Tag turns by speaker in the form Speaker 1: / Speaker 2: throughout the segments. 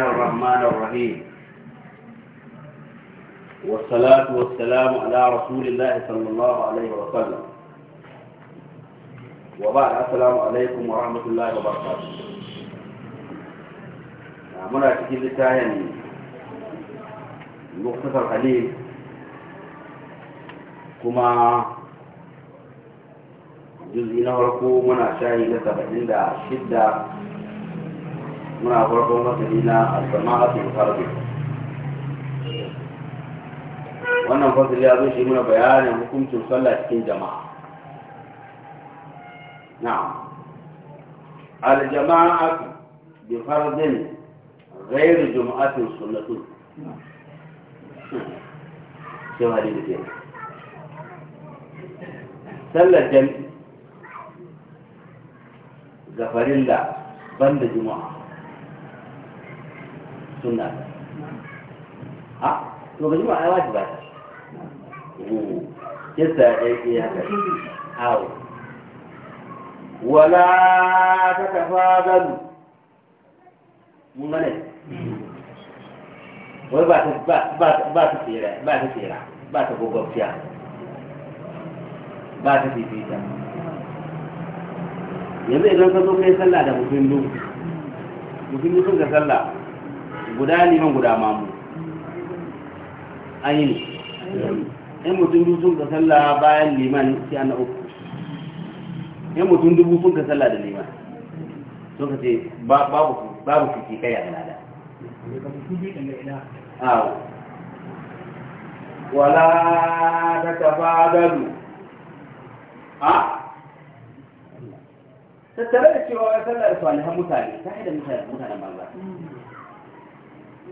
Speaker 1: الرحمن الرحيم والصلاة والسلام على رسول الله صلى الله عليه وسلم وبعد السلام عليكم ورحمة الله وبركاته muna cikin littafin muktasar halil kuma juzi na farko muna shayi na saba'in da shidda أقول أنا أقول المدينة أنا أقول وأنا أنا أقول ذوشي أنا أقول حكم أنا أقول جماعة نعم. أنا أقول جماعة أنا أقول جمعة أنا أقول هذه أنا أقول الجمع أنا أقول بند جمعه sunna ha to ba juma'a wajiba ta yadda ya yi haka wala ta tafa gado mun gane wai ba ta tsira ba ta tsira ba ta gogobciya yanzu idan ka zo kai sallah da mutum duk mutum duk sallah guda liman guda mamu an yi Yan mutum dubu sun ka sallah bayan liman sai an uku Yan mutum dubu sun ka sallah da liman sun ka ce babu fiki kai a lada wala ta gado. a tattare da cewa ya sallar da mutane ta haida mutane mutane ba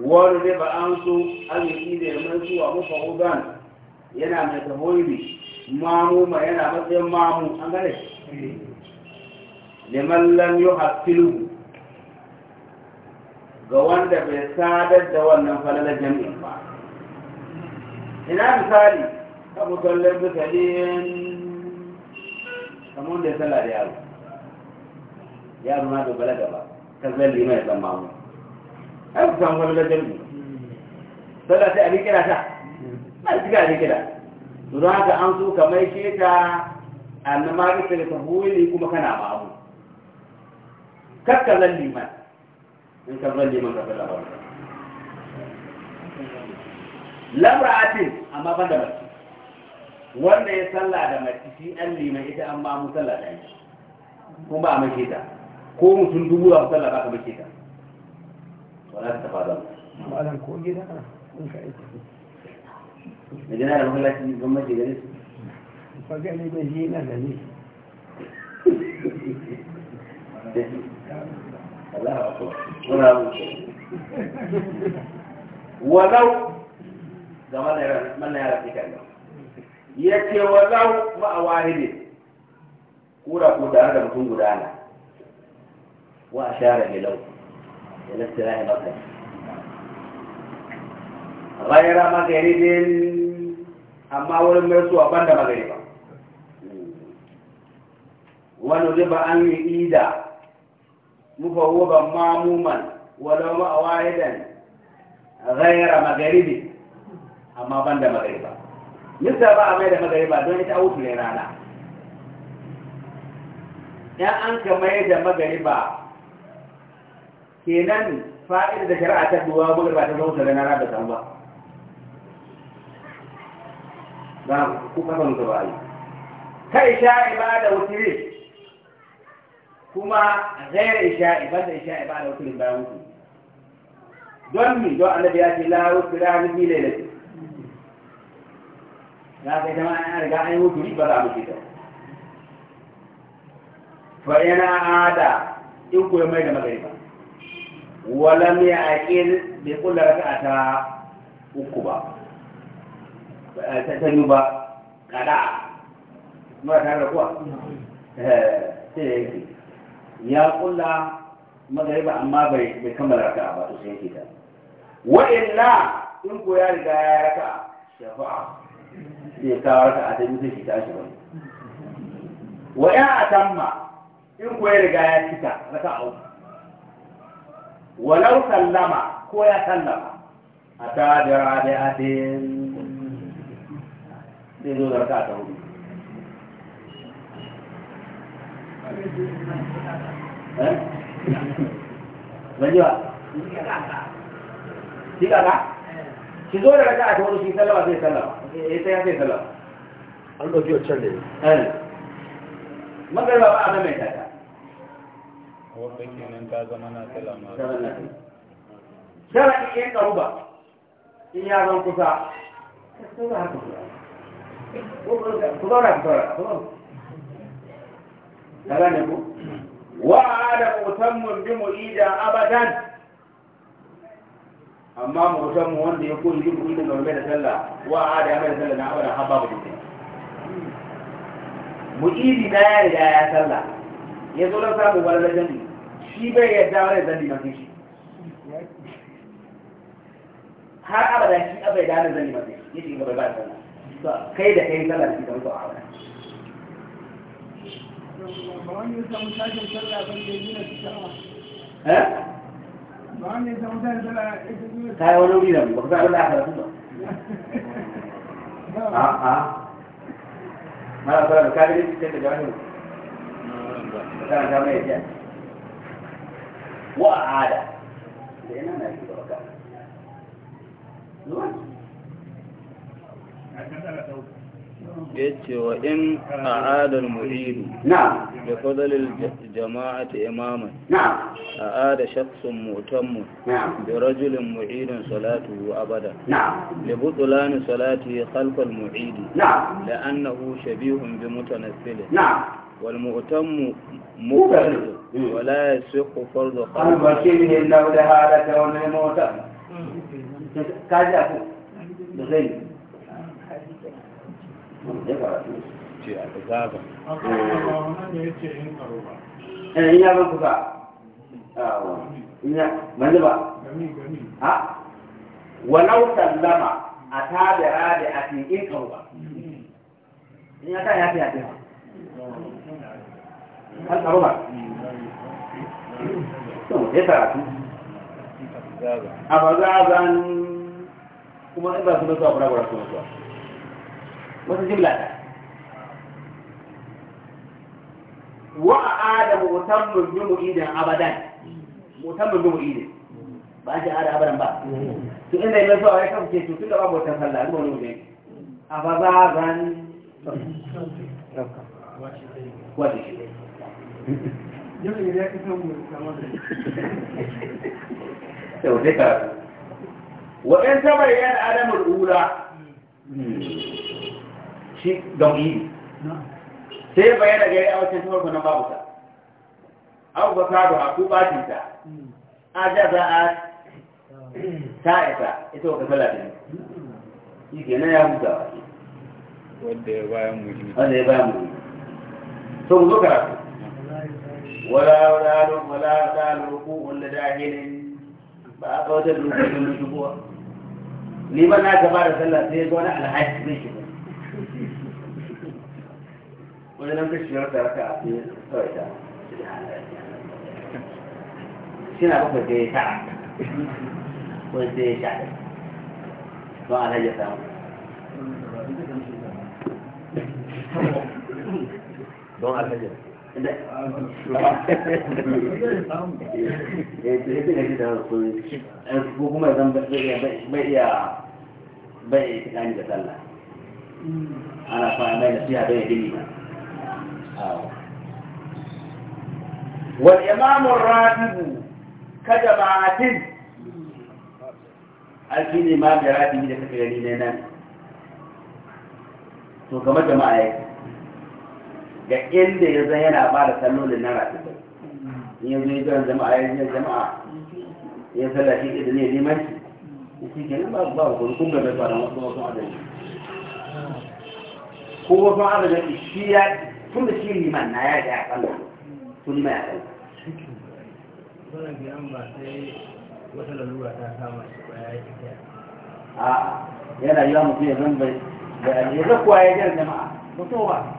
Speaker 1: wani ne ba an so an yi ne mai suwa mafa hudan yana mai tahoyi mamu ma yana matsayin mamu an gane liman lam yi hafilu ga wanda bai sadar da wannan falalar jami'in ba ina misali ta musallar misalin kamar da ya sallar yaro yaro na bai balaga ba ta zalli mai zama mamu. ai ku samu wani lajar mu sallah sai abin kira ta ba su a abin kira to don haka an so ka mai ke ta annama ka sai ta kuma kana ba abu kakka zan liman in ka zan liman ka sallah ba ce amma ban da mace wanda ya salla da mace shi an liman ita an ba mu salla da ita kuma a mace ta ko mutum dubu ba mu salla ba ka mace ta wala ta fara malam ko gida kun ka aiki da jana da mahallaci da ko tare da mutum gudana a share hilau الاستلاح بطل غير مغرب أما ولم يسوى بند مغربا ونجب أن يؤيد مفوضا معموما ولو واحدا غير مغربي أما بند مغربا مثل بقى ميدا مغربا دون يتعوت لرانا يعني أنك ميدا مغربا kenan fa'ida da shari'a ta duwa bugar ba ta zama da rana da samu ba na ku kafa nuka ba yi kai sha'i ba da wutiri kuma zaira isha'i ba da isha'i ba da wutirin bayan wutu don mi don annabi ya ce la wutira ni bi lailati na kai zama an riga an yi wuturi ba za mu ci ta fa yana ada in kuwa mai da magariba ولم يعقل بكل ركعة أكبا تتنبا قدع ما تعرفوا ya kulla magariba amma bai kammala raka ba to sai yake ta wa illa in ko riga ya raka shafa'a sai ka raka a tabi sai ta shi wani wa ya atamma in ko riga ya cika raka a uku walau sallama ko ya sallama a ta da radiyatin zai zo zarka ta hudu shi kaka shi zo da raka ta eh? shi sallama zai sallama eh, ya eh. a wata kenan ta zama na talama shara'i in ɗauba in ya zan kusa ku zauna ku zauna ka gane ku wa'ada musamman bi mu'ida abadan amma mutum wanda ya koyi duk idan ga mai da sallah wa a da mai sallah na abada har babu dukkan mu'idi na ya riga ya sallah ya zo don samu wani lajan shi bai yadda wani zan limatin
Speaker 2: shi
Speaker 1: har abada shi abai da zan limatin shi yake gaba ba kai da kai sallah da shi kamar ba da wani ta yi wani wuri da ba ku ba a'a mara da ta wa ada da yana na shi barka yace wa in a al-mu'id da bi jama'a ta jamaati imaman na a'ada shakhsun mu'tammun na bi rajulin mu'idin salatuhu abada da li salatu salatihi khalf al-mu'id na la'annahu shabihun bi mutanaffil na والمؤتم مفرد ولا يسوق فرض قال ما شيء من انه ده هذا كان المؤتم قال يا ابو زين إيه، إيه، إيه، آه، آه. ولو سلم أتابع رابعة إيه كروبا إيه أتابع رابعة
Speaker 2: an tsaro ba ya
Speaker 1: ba za a zan ba su ba ba su mutuwa wata jimla ta wa adamu mutammin bi mu'idin abadan mutammin bi mu'idin ba shi ada abadan ba inda sallah wani shi dai yau sai ka wa in ta bayyana alamul ula shi gauni sai bayyana gari a wacce tafarko na babu ta abu ba kado a ku bacin ta a da za a ta isa ita wa kasala ta yi ke nan ya huta wanda ya bayan muhimmi wanda ya bayan muhimmi to mu karatu wala wala wala wala wala dahilin ba duka da shubuwa ni ba na gaba da sallah sai ga wani alhaji nan kashi yau raka a cikin da ya wani da ya don دون الحجر والإمام الراتب كذب عاتب الكلمة الراتب إذا كفلني يعني نان تو كما جماعة ga inda ya zan yana ba da sallolin na rafi in ya zo ya jama'a ya zo jama'a ya sallah shi idan ne limanci shi ke nan babu ba kuma kun gaba ba da wasu wasu adadi ko wasu adadi shi ya tun da shi liman na ya ga ya sallah tun biyan ba sai wata lalura ta kama shi ba ya yi tafiya a yana yi wa mutum ya zan bai da ya zai kuwa ya jar jama'a mutum ba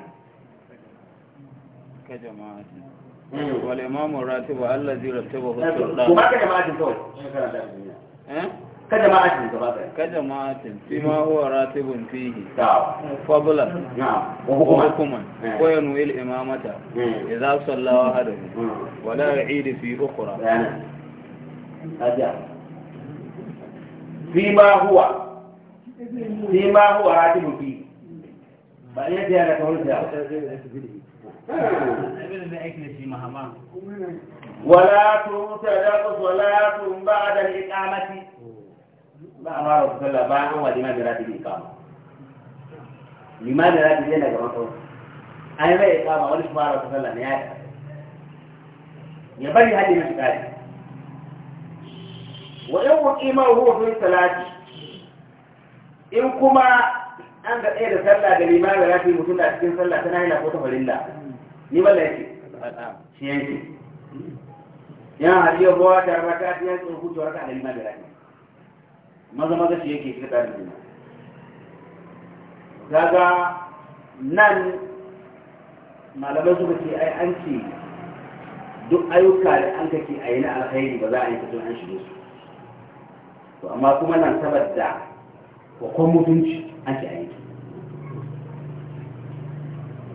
Speaker 1: ka jama'a hmm. wal imamu ratibu allazi ratibahu eh, sallallahu kuma ka jama'a tin eh? ka jama'a tin ka jama'a tin fi ma huwa ratibun wa hukuma ko eh. yanu il imamata hmm. idza salla ahaduhu hmm. wa la yu'id fi ukhra aja fi ma huwa fi ma huwa ratibun fihi bal ولا تترك صلاة بعد الإقامة ba ma rabu sallah ba an wa limamin ratibi ikama limamin ratibi yana gaban kawai an bai mai wani shi ma rabu sallah na ya ya bari hadi na shikari wa in wuƙi ma hufin salati in kuma an ga tsaye da sallah ga limamin ratibi mutum da cikin sallah tana yana ko ta farilla ni mala yake shi yake yan hadiya bawa da raka ta yi yake rubutu raka da liman da raka maza maza shi yake shi da liman daga nan malamai suka ce ai an ce duk ayyuka da an kake a yi na alkhairi ba za a yi fito an shige su to amma kuma nan saboda ko mutunci an ce aiki yi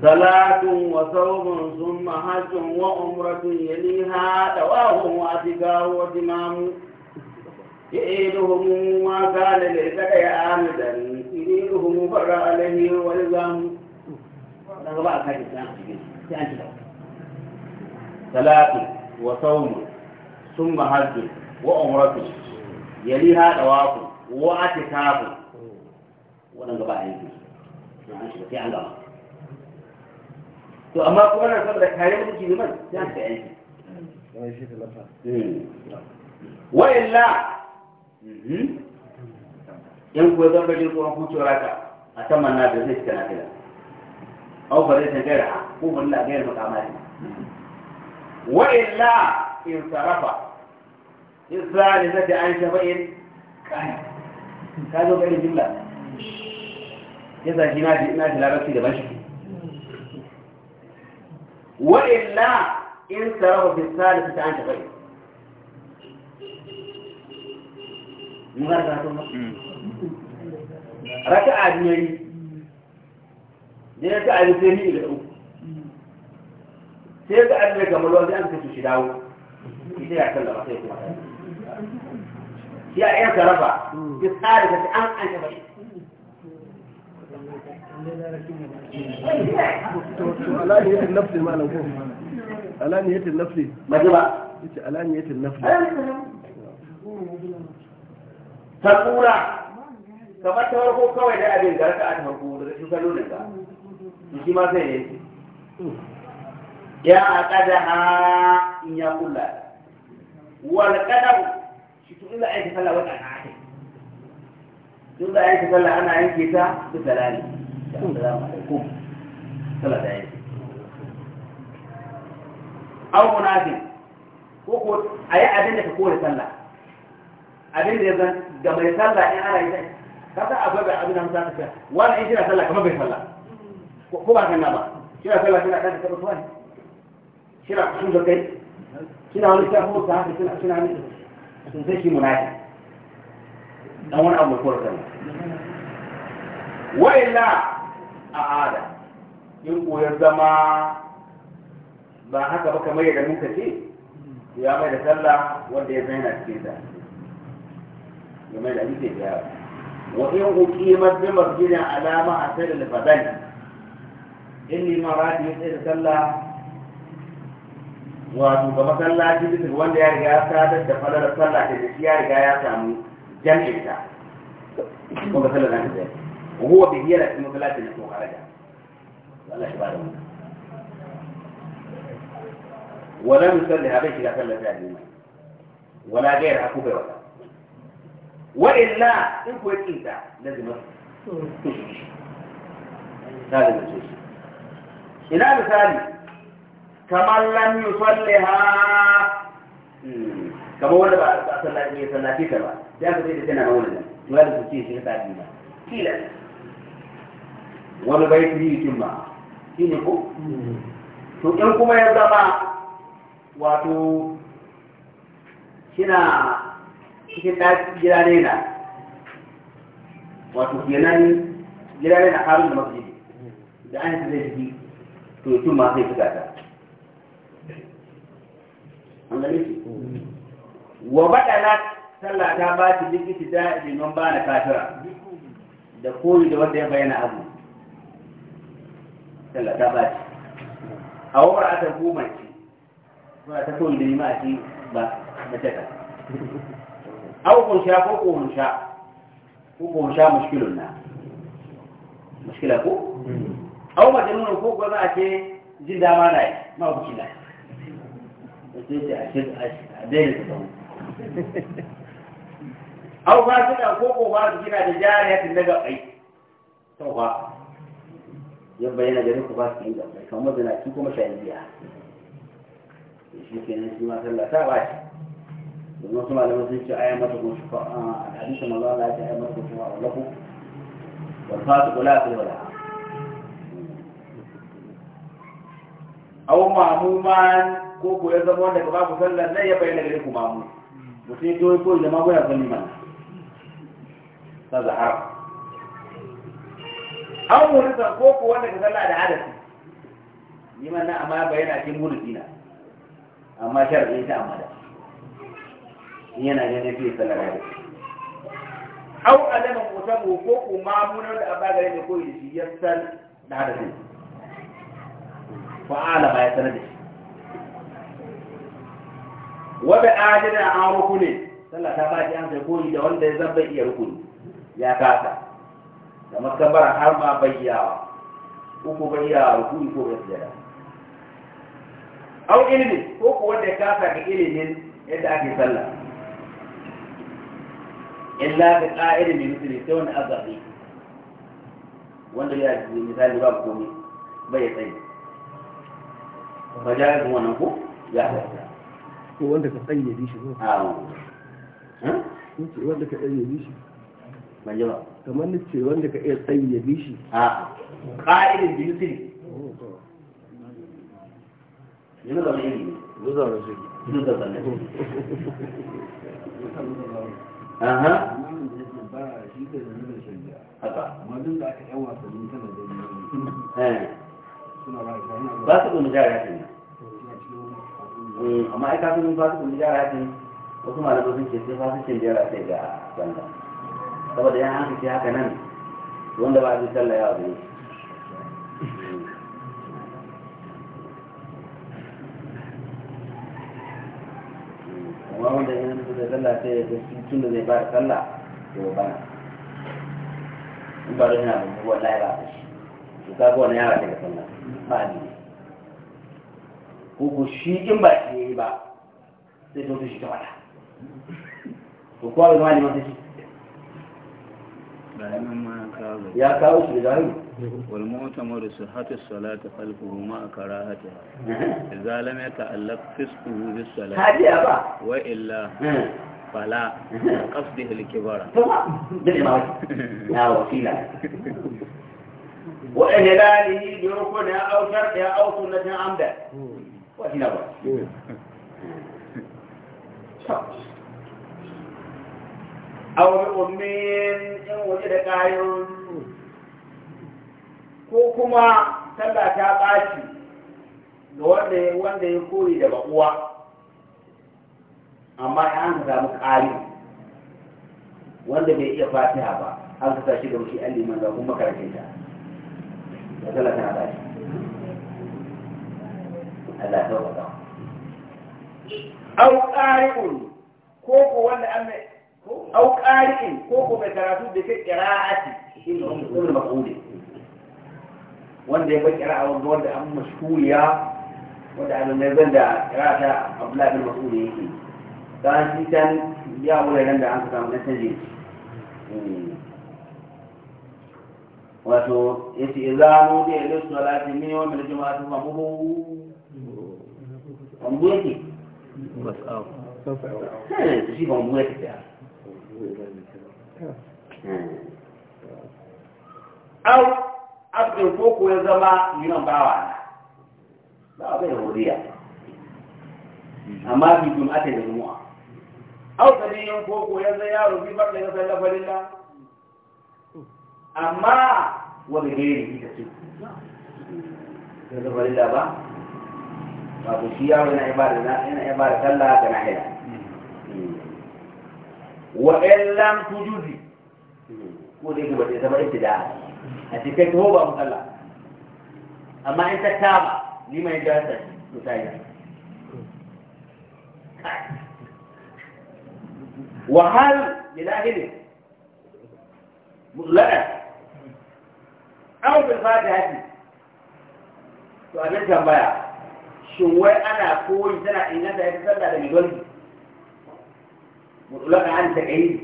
Speaker 1: salatun wa saumun sun mahajjun wa ya liha da wahun wa fi gawo wa jimamu ya ilu ma kane ne ta kai amidan ilu humu fara alayhi a kaji ta cikin salatun wa saumun sun mahajjun wa ya liha da wahun wa ati kafin waɗanda ba a yi to amma kuma na saboda kare mutunci liman sai ka yi aiki. Hmm. illa hmm. in kuwa zan baje tsoron hutu raka a saman na da zai cika na fila an fara ta gaira ko wani la gaira makamari wa illa in sarafa in sarafa ne zai an shafa in kai ka zo garin jimla ya sa shi na shi larabci da ban shi وإلا إن تراه في الثالثة عن غيره مغرقة ركعة جميلة ne ya ta'ari sai ni da uku sai ka arme kamar wani an kasu shi dawo ita ya kalla sai kuma ya yan sarrafa ya tsari ka an an shafa
Speaker 2: to
Speaker 1: ta kura kamar ta farko kawai da abin da a farko da su kallo da ka shi ma sai ne ya aqada ha in ya kula wal qadam shi tun da aiki sallah wata na aiki tun da aiki sallah ana yanke ta da salali salamu alaikum sallah da yake au munafin ko ko ayi abin da ka kore sallah abin ya zan ga mai sallah in ana yi ka san akwai bai abin da mutum ta wani in kina sallah kamar bai sallah ko ba kan ba kina sallah kina kan ta tsawai kina sun kai kina wani ta hoto haka kina abu ta'ala in ko ya zama ba haka ba kamar yadda muka ce ya mai da sallah wanda ya zaina cikin ta ya mai da ake da wa in uqimar bi masjidin alama asal al fadl in limarati ya da sallah wato ga masallaci bisa wanda ya riga ya sadar da falalar sallah da shi ya riga ya samu jam'in ta kuma sallar ta da وهو بهيرة في مثلات التي خرجها ولا شبه له ولم يصلها بيت إذا صلى فيها اليومين ولا غيرها كوبي ولا وإلا إن كنت أنت لازم تشوش هذا المسوس إلى مثال كمن لم يصلها كما ولا بقى صلى فيها صلى فيها بقى ده بدي تنا ولا ده ولا تشوش هذا اليومين كلا wani bai su yi ba shi ne ko to in kuma ya zama wato shina cikin ɗaki gida ne na wato kenan gida ne na harin da masjidi da an yi zai fi to yi ma zai fita ta an gani shi wa baɗala sallah ta ba ta likiti da liman ba na kafira da koyi da wanda ya bayyana abu daga ta ba ce a ta goma ce ba ta so da ma ce ba mace ta au sha ko sha ko sha mushkilun na mushkila ko au majalun ko ko za a ce jin dama na yi ma ku na ce a ce a kina da jariyatin daga ai ya bayyana gare ku ba su yi gambai kan mazinaci kuma shayin biya shi ke nan shi ma sallah ta ba shi domin wasu malamai sun ce aya mata kun shuka a hadisin maza Allah ya ce aya mata kun shuka a lafu wal fasu kula a kai wala mamu ma ko ko ya zama wanda ka ba ku sallah zai ya bayyana gare ku ma'mu mutum ya to ko da sun kun mana? ta zahara an wani ko ko wanda ka sallah da hadasi ni man nan amma bayana cikin murusi na amma sharadin ta amma da yana ganin fiye sallah da hadasi au alama mutabu ko ko mamunar da abba gare ne koyi da shi ya san da hadasi fa alama ya sanar da shi wa bi ajira an rukuni sallah ta ba shi an sai koyi da wanda ya zamba iya rukuni ya kasa da makabara har ma bayyawa uku bayyawa ruku ko ga sujada au ilimin ko ko wanda ya ka ga ilimin yadda ake sallah illa bi qa'idin min mithli sawan azabi wanda ya ji misali ba komai bai ya tsayi fajar kuma wannan ko ya halatta ko wanda ka tsaye bi shi ko a wanda ka tsaye bi shi ban ba kamar ni wanda ka iya tsayi ya bi a ƙa'idin biyu da wani ne eh. ba su kuma jara hmm, amma ai kafin ba jara yakin wasu malamai sun ce sai fasu jara sai ga saboda yan haka ce haka nan wanda ba zai sallah ya abu amma wanda yan haka zai sallah sai ya tun da zai ba da sallah to ba na in ba da yana da buwa na yara to ka ga wani yara ne da sallah ba ne ko ko shi in ba shi ba sai to shi ta wata to kowa bai ma ne masu shi يا kawo shi والمؤتمر صحة الصلاة خلفه ما كراهتها إذا لم يتعلق فسقه بالصلاة وإلا فلا قصده الكبار لا وسيلة وإهلاله أو شرطها أو سنة عمدة وكيلا aw ummin in wuce da kayan ko kuma sallah ta ɓaci ga wanda ya wanda ya koyi da bakuwa amma ya an samu ƙari wanda bai iya fatiha ba an ka shi da wuce an liman da kuma karfe ta da sallah tana ɓaci Allah ta wata au ƙari'un ko ko wanda an mai au ƙari'in ko ko mai karatu da kai ƙira'ati shi ne wani makuli wanda ya bai ƙira'a wanda wanda an mashhuriya wanda an nazar da ƙira'ata Abdullahi bin Mas'ud yake dan shi tan ya wuraren da an samu na canje wato yace idza nudiya lis salati min yawm al jumu'ati Hmm. au abin ko ya zama yinan bawa na ba a da wuriya amma bi jum'a da jumu'a au kadin yan ko ko ya zama yaro bi barka ya sallah falilla amma wa bi gairi ita ce ya zama da ba ba shi yaro yana ibada yana ibada sallah ga nahila وإن لم تجزي قول إيه بس إذا ما ابتداء أنت كنت هو بأم الله أما أنت تابع لما يجازك مساعدة وهل لله مطلقة أو بالفاتحة to abin مبايا shin أنا أقول سنة tana inganta ya sallah da mutulaka an ta kai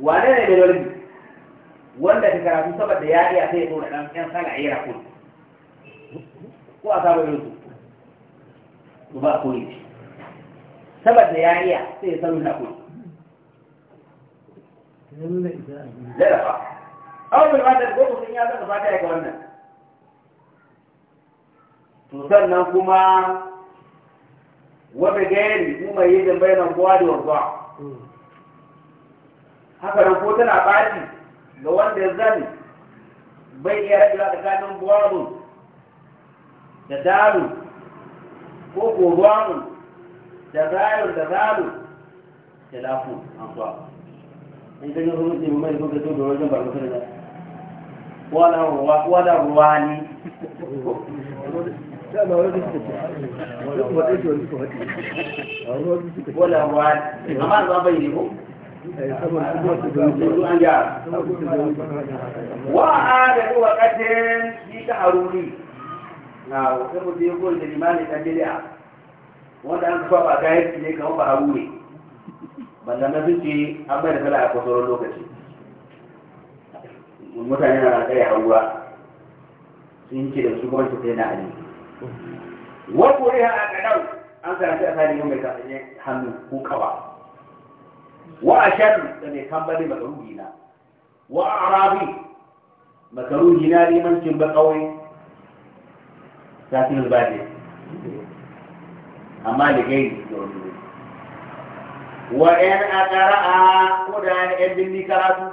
Speaker 1: wane ne melo ne wanda ke karatu saboda ya iya sai ko dan yan sana ayira ko ko a sabo yanzu? to ba ko ne saboda ya iya sai ya san na ko Awon bai wata gobe sun yi asa da fata ya ga wannan. Tusan nan kuma kuma yi وبغير مميز kowa da wanzuwa haka nan ko tana ɓaci ga wanda zan bai iya rabewa tsakanin buwarun da dalu ko gobuwarun da zayar da zalu da lafu an zuwa in kan yi hulun ɗin mai zuwa da wajen barbu sun da wala ruwa ne dama wani suka ce wani a wani wani ne في تعروري نعم وكما يقول للإمام wanda an kafa ba kayan su ne kamar ba haru ne na zuke an bai da a kwasoron lokaci mutane na sun ce da su na wa kuriha a kadau an karanta a sani mai kasance hannu ko kawa wa ashadu da mai kambali makaruhi na wa arabi makaruhi na limancin ba kawai sakin ba ne amma da gaini da wani wa ɗayan a ƙara'a ko da ya ɗayan birni karatu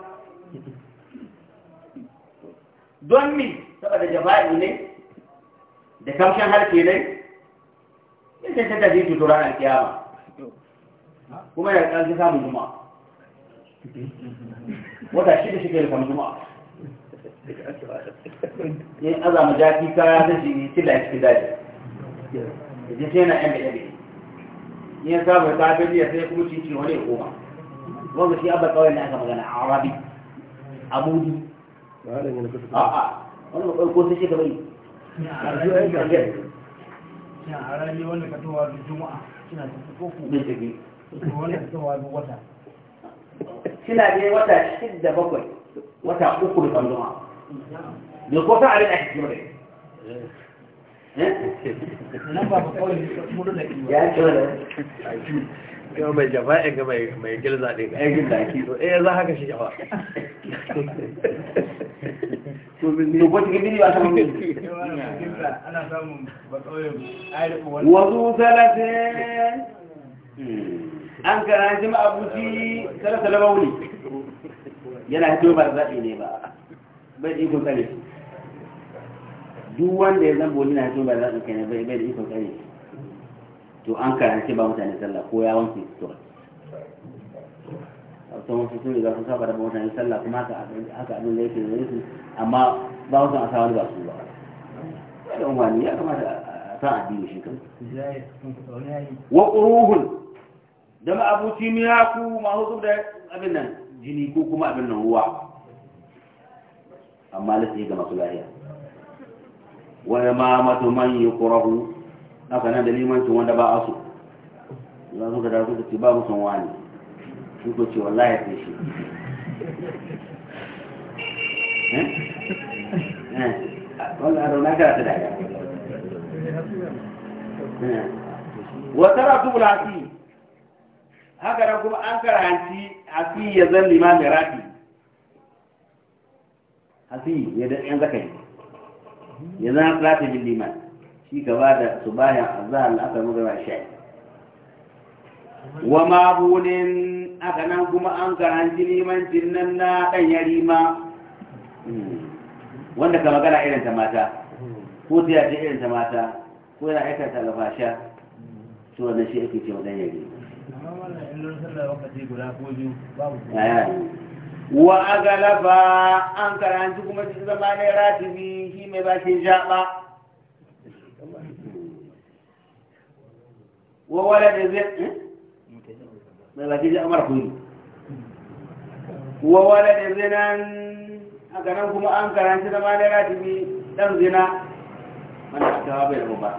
Speaker 1: don mi saboda jafa'i ne da kamshin harke dai ya ce ta tafi tutu ranar kiyama kuma ya ƙarfi samun juma wata shida shi ke da samun juma'a yin azama jafi kaya ta shi da shi daji da ji sai na yan da yabe yin samun tafi ya sai kuma cikin wani koma wanda shi abba kawai na aka magana arabi abudi a wani makwai ko sai shi ka bai harari suna tafi ne wata shidda bakwai wata uku da ɓangama da ko ta abin ake kimar nan kuma mai jama'a ga mai gilza ɗin ga ɗin da ake so eh za haka shi jama'a wazu salate an karanci shi ma'abuci salata na mauni yana hito ba zaɓi ne ba bai da ikon kare duk wanda ya zan boli na hito ba zaɓi kai ne bai da ikon kare to an karanci ba mutane salla ko ya wanke tsoron sun wasu sun riga sun saba da mutane sallah kuma haka abin da yake da su amma ba wasu a sawar ba su ba ya da umarni ya kamata a sa addini shi kan wa ƙuruhun da ma'abuci miyaku masu hutu da abin nan jini ko kuma abin nan ruwa amma lissi ga masu lahiya wa imamatu man kurahu haka nan da limancin wanda ba a za su ga da su ci ba musun wani shi ko ce wallahi ya shi eh? eh. wannan a rauna karatu da ya wata ratu eh. bulasi haka nan kuma an karanci hasi ya zan mai rafi hasi ya dan yan zakai ya zan rafi bin liman shi gaba da su bayan azahar al'asar magana shayi. wa mabunin aka nan kuma an karanci neman nan na ɗan yarima wanda ka magana irin ta mata ko ta yace irin ta mata ko yana aikata ta alfasha to wannan shi ake cewa ɗan yari. wa agalaba an karanci kuma cikin zamanin ratibi shi mai bakin jaɓa wa wala da zai eh? mai baki ji amara kuni wa wala da zinan a ganin kuma an karanci da mana ratibi dan zina mana aka kawo bai ba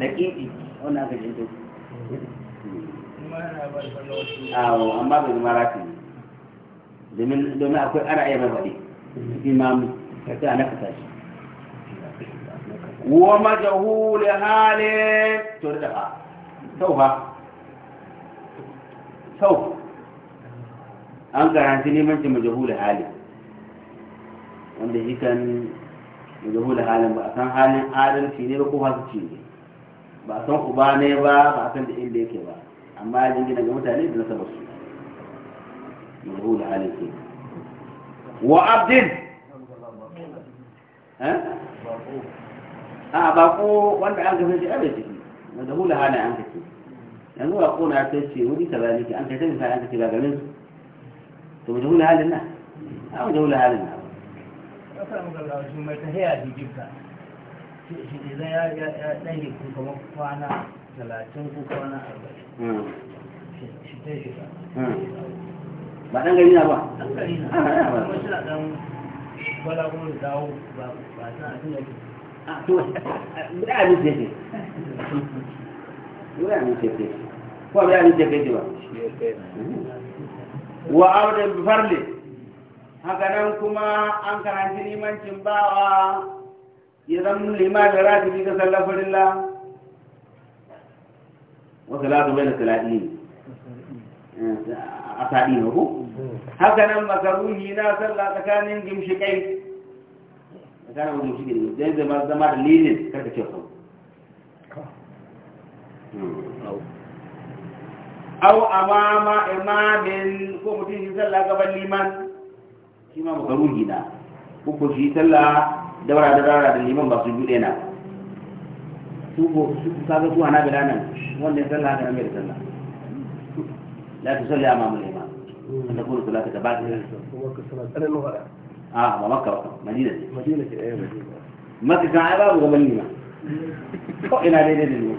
Speaker 1: na ƙiƙi wannan aka jinto awo an ba bai zama ratibi domin akwai ana iya mai faɗi imamu ka a na kasa shi wa majahul halin to da ha tauha kau an karanci neman ce majahul halin wanda shi kan majahula halin ba a san halin adalci ne ba ko hasuci ne ba a san uba ne ba ba a san da inda yake ba amma ya jingina ga mutane da nasabar su majahula halin ke wa abdin eh? a bako wanda an gafin shi abin ciki majahula halin an gafin yanzu ba kona ta ce wuri kaza nake an kai ta misali an ka ce su to mu jahula halin nan a mu jahula halin nan kasar magagawacin mai ta haya da gifta shi ne zai ya ɗanyi ko kuma kwana talatin ko kwana arba'in hmm. shi ta shi hmm. ba dan gari na ba ah, ɗan gari na ba kuma suna ɗan wala kuma da dawo ba ba san a tun yake ah, to guda abin ko abin da ya ba wa auren farle Hakanan kuma an karanci limancin bawa ya zan limanin ratibi ga sallafarin la wasu latu bai da salaɗi ne eh, a saɗi ne ko Hakanan nan makaruhi na sallah tsakanin gimshikai tsakanin gimshikai ne zai zama da lilin karkace sau aw amama imamin ko mutum yi sallah gaban liman shi ma na ko shi sallah da da liman ba su jude na su ko su bila nan wanda ya sallah sallah la salli amama liman wanda kuma kuma ka tsananin a ba makka ba madina ce madina ce eh, madina makka kan ai babu gaban liman ko ina daidai da liman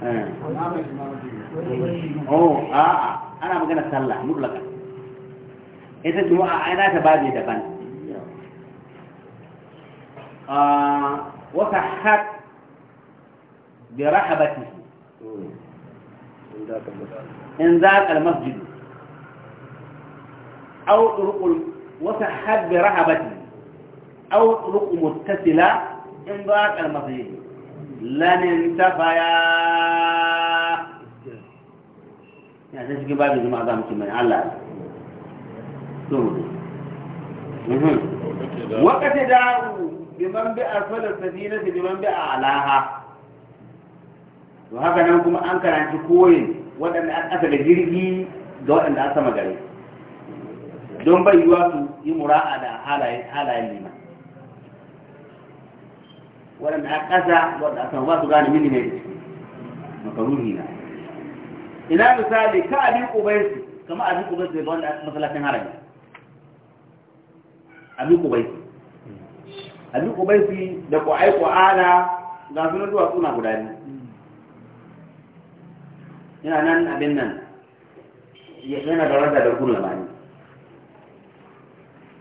Speaker 1: Eh. Oh, ana magana sallah mutlaka ita ta daban ah, wata hat rahabati in za ka masjid wata hat bi rahabati in za masjid lanin tafaya ya ta cikin babin jima'a za mu ce mai Allah wakati bi a safina bi a alaha to haka nan kuma an karanci koyin waɗanda an da jirgi ga waɗanda an don bai su yi mura'a da halayen waɗanda a ƙasa waɗanda a sama ba su gane mini ne da ciki makaruhi na ina misali ka abin ƙubaisu kama abin ƙubaisu daga wanda a masallacin harami abin ƙubaisu abin ƙubaisu da ƙwa'ai ƙwa'ana ga na zuwa suna guda biyu yana nan abin nan yana da rada da kullum ne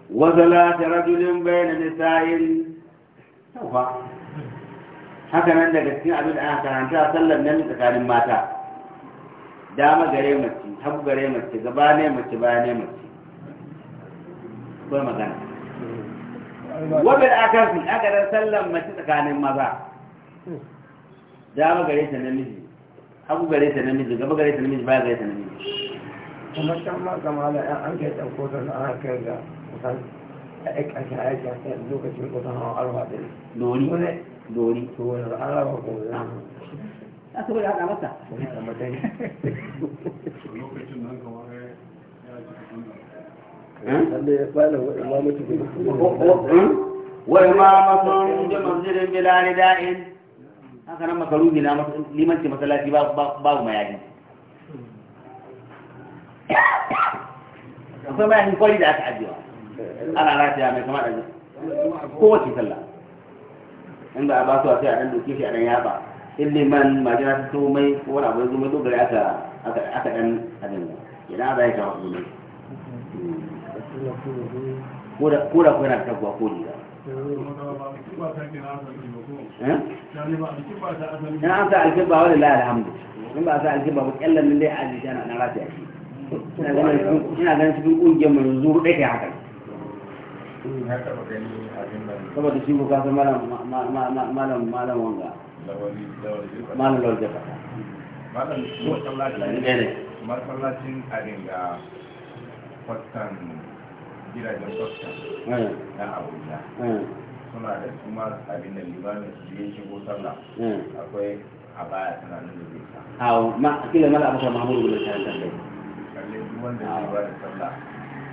Speaker 1: وصلاة رجل بين نساء توفى haka nan daga cikin abin da aka karanta sallar nan tsakanin mata dama gare mace hagu gare mace gaba ne mace baya ne mace kuma magana wabil aka dan sallar mace tsakanin maza dama gare ta namiji hagu gare ta namiji gaba gare ta namiji baya gare ta namiji kuma can ma kamala an kai ɗauko sana'ar kai ga a ƙarshen aikin sai lokacin kusan hawa arba da dori dori to wani arba ko na a saboda haka masa a matsayi lokacin nan kamar وإمامة بمسجد بلا نداء هكذا مكروه لمن في مسألة باب ما يعني فما يعني da aka تعديها ana lafiya mai kama da kowace sallah in ba a ba su a sai a ɗan doke shi a ɗan yaba in man majina ta so mai ko wani abu ya zo mai dogare aka ɗan abin idan ko da ko yana da ko eh? a sa alkibba ba kyallan na ina ganin cikin ƙungiyar mai zuru ɗaya haka
Speaker 2: Eh, saboda shi
Speaker 1: buka sai malam malam wanga malam lawal
Speaker 2: jafa malam
Speaker 1: masallacin a da kwastan gidajen kwastan eh. na abuja eh. suna da kuma abin da limanin su yi shigo sallah akwai a baya suna nan da zai sa. Awo, kila mala abuja mahamudu gudun kayan tambayi. Kalle duk wanda ya ba da sallah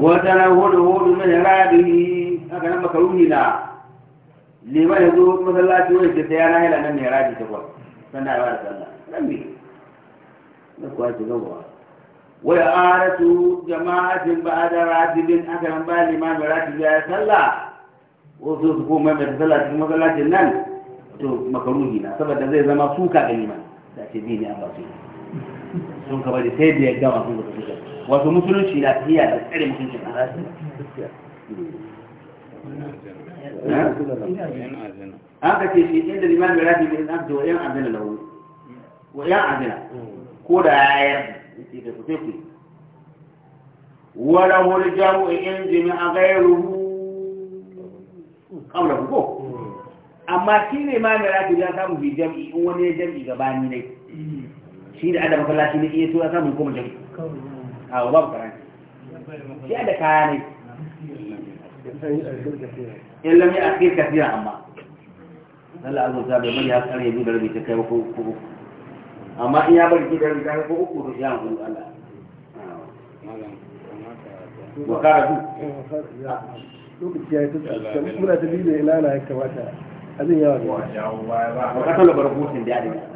Speaker 1: wata hudu min rabi haka nan makaruhi na liman ya zo masallaci wani ke sayana yana nan mai rabi ta kwan sannan ba da sallah nan ne na kuwa ce gawa wai aratu jama'atin ba a da ratibin aka nan ba liman mai ratibi ya sallah wasu su ko mai sallah cikin masallacin nan to makaruhi na saboda zai zama suka ga liman da ce bi ne an ba su sun ka bari sai da ya gama sun ka suka wato musulunci na tafiya da tsare mutuncin an ka ce shi inda liman mai rafi bin abdu wa yan azina wuri wa yan azina ko da ya yi yake da ku sai ku Wani lahu al-jamu in jami'a ghayruhu qabla ko amma shi ne ma mai rafi ya samu bi jam'i in wani jam'i gabani ne shi da adama kallaci ne iya eh, tura ya samu kuma jam'i a babu karani shi da kaya ne in lam ya'khir kathira amma Allah azza wa jalla ya tsare mu da ta kai ko ko amma in ya bari da ta ko ko to ya mu Allah wa karatu lokaci ya yi tuka muna dalilin ina ya kamata yawa ne wa da da ya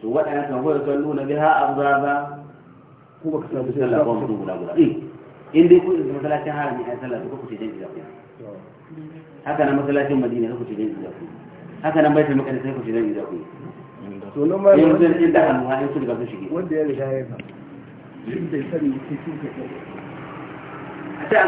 Speaker 1: to waɗannan kan kawai kan nuna biha abzaza ba. baka san ku sallah mutum guda guda eh, in dai ku isa masallacin harami ai sallah ku ce jami'i zafi haka nan masallacin madina ku ce jami'i zafi haka nan baitul maqdis ku ce jami'i zafi to nan ma yanzu in da hannu ha in daga shige wanda ya riga ya in bai sani sai ka